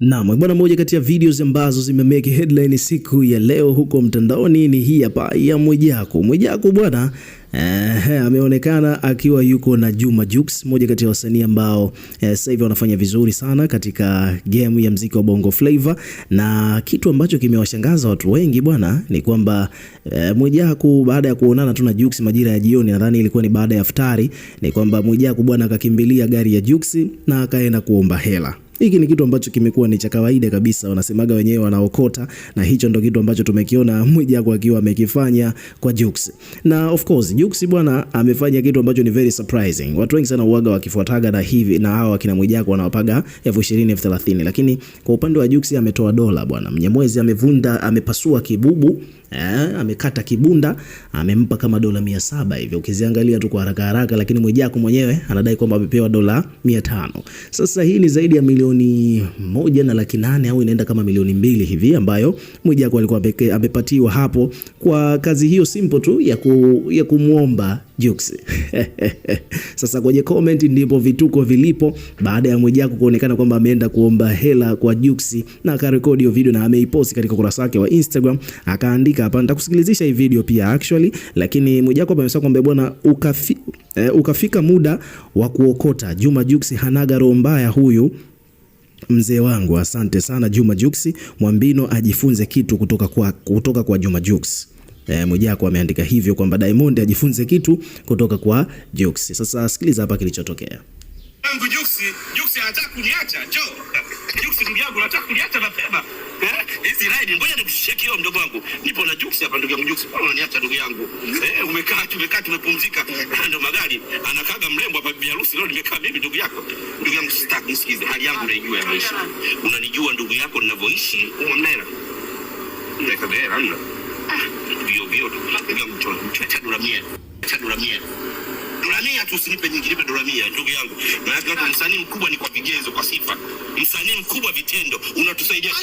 Naam, bwana, moja kati ya videos ambazo zimemake headline siku ya leo huko mtandaoni ni hii hapa ya Mwijaku. Mwijaku bwana eh, ameonekana akiwa yuko na Juma Jux, mmoja kati ya wasanii ambao eh, sasa hivi wanafanya vizuri sana katika game ya mziki wa Bongo Flava, na kitu ambacho kimewashangaza watu wengi bwana ni kwamba eh, Mwijaku baada ya kuonana tu na Jux majira ya jioni, nadhani ilikuwa ni baada ya iftari, ni kwamba Mwijaku bwana akakimbilia gari ya Jux na akaenda kuomba hela hiki ni kitu ambacho kimekuwa ni cha kawaida kabisa, wanasemaga wenyewe wanaokota, na hicho ndo kitu ambacho tumekiona Mwijaku akiwa amekifanya kwa Jux. Na of course Jux bwana amefanya kitu ambacho ni very surprising. Watu wengi sana uaga wakifuataga na hivi na hawa wakina Mwijaku wanawapaga elfu ishirini elfu thelathini lakini kwa upande wa Jux ametoa dola bwana. Mnyamwezi amevunda, amepasua kibubu eh, amekata kibunda, amempa kama dola mia saba hivi ukiziangalia tu kwa haraka haraka, lakini Mwijaku mwenyewe anadai kwamba amepewa dola mia tano. Sasa hii ni zaidi ya milioni milioni moja na laki nane au inaenda kama milioni mbili hivi, ambayo Mwijaku alikuwa amepatiwa hapo kwa kazi hiyo simple tu ya, ku, ya kumwomba Jux. Sasa kwenye comment ndipo vituko vilipo baada ya Mwijaku kuonekana kwamba ameenda kuomba hela kwa Jux na akarekodi hiyo video na ameiposti katika ukurasa wake wa Instagram, akaandika hapa, nitakusikilizisha hii video pia actually, lakini Mwijaku amesema kwamba bwana ukafi, eh, ukafika muda wa kuokota Juma Jux hanaga roho mbaya huyu mzee wangu. Asante sana Juma Jux, Mwambino ajifunze kitu kutoka kwa, kutoka kwa Juma Jux. E, eh, Mwijako ameandika hivyo kwamba Diamond ajifunze kitu kutoka kwa Jux. Sasa sikiliza hapa kilichotokea. Jux, Jux anataka kuniacha, njoo. Jux ndugu yangu anataka kuniacha mapema. Best ride, ngoja nikushike hiyo mdogo wangu. Nipo na Jux hapa ndugu yangu Jux. Unaniacha ndugu yangu. Eh, umekaa tumekaa tumepumzika. Ah, Ndio magari. Anakaga mrembo hapa bibi harusi leo nimekaa mimi ndugu yako. Ndugu yangu sitaki nisikize. Hali yangu naijua ya maisha. Unanijua ndugu yako ninavyoishi. Umemnena. Ndio kabla hamna. Bio ah. bio. Ndugu yangu mchoyo. Mchoyo cha dola 100. Cha dola 100. Dola tu usinipe nyingi. Samia, ndugu yangu, maana watu msanii mkubwa ni kwa vigezo, kwa sifa. Msanii mkubwa vitendo, unatusaidia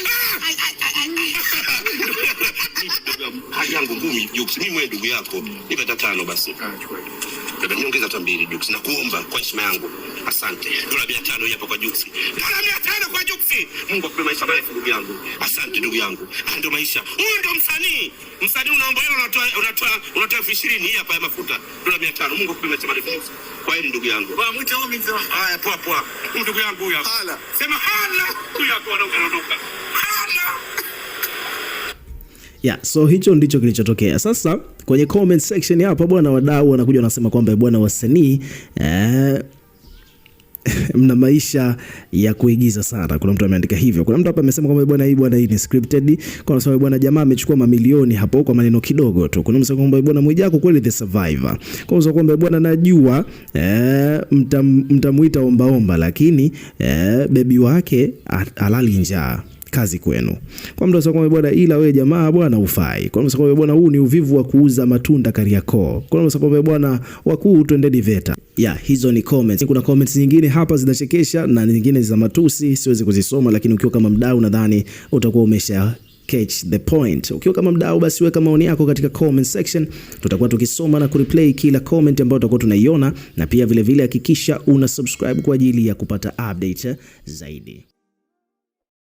yangu ngumi Jux, mimi mwe ndugu yako, nipe tano basi. Ah, Baba niongeza hata mbili Jux, kuomba kwa heshima yangu. Asante. Dola mia tano hapa kwa Jux. Dola mia tano kwa Jux. Mungu akupe maisha marefu ndugu yangu. Asante ndugu yangu. Ndio maisha. Huyu ndio msanii. Msanii unaomba hilo unatoa unatoa unatoa elfu ishirini hapa ya mafuta. Dola mia tano. Mungu akupe maisha marefu. Kwa ndugu yangu. Ba huyo Haya, poa poa. Ndugu yangu huyo. Hala. Sema hala. Huyu hapa anaondoka. Hala. Ya, Yeah, so hicho ndicho kilichotokea. Sasa kwenye comment section hapa bwana, wadau wanakuja wanasema kwamba bwana wasanii eh, mna maisha ya kuigiza sana. Kuna mtu ameandika hivyo. Kuna mtu hapa amesema kwamba bwana, hii bwana, hii ni scripted. Kuna sababu bwana, jamaa amechukua mamilioni hapo kwa maneno kidogo tu. Kuna msema kwamba bwana, Mwijaku kweli the survivor. Kwa sababu kwamba bwana, najua eh, mtamuita ombaomba, lakini eh, bebi wake alali njaa kazi kwenu. Kwa mtu asema bwana, ila wewe jamaa bwana ufai. Kwa mtu asema bwana, huu ni uvivu wa kuuza matunda Kariakoo. Kwa mtu asema bwana, wakuu twendeni VETA. Ya, hizo ni comments. Kuna comments nyingine hapa zinachekesha na nyingine za matusi, siwezi kuzisoma, lakini ukiwa kama mdau nadhani utakuwa umesha catch the point. Ukiwa kama mdau basi weka maoni yako katika comment section, tutakuwa tukisoma na kureplay kila comment ambayo utakuwa tunaiona, na pia vilevile hakikisha vile una subscribe kwa ajili ya kupata update zaidi.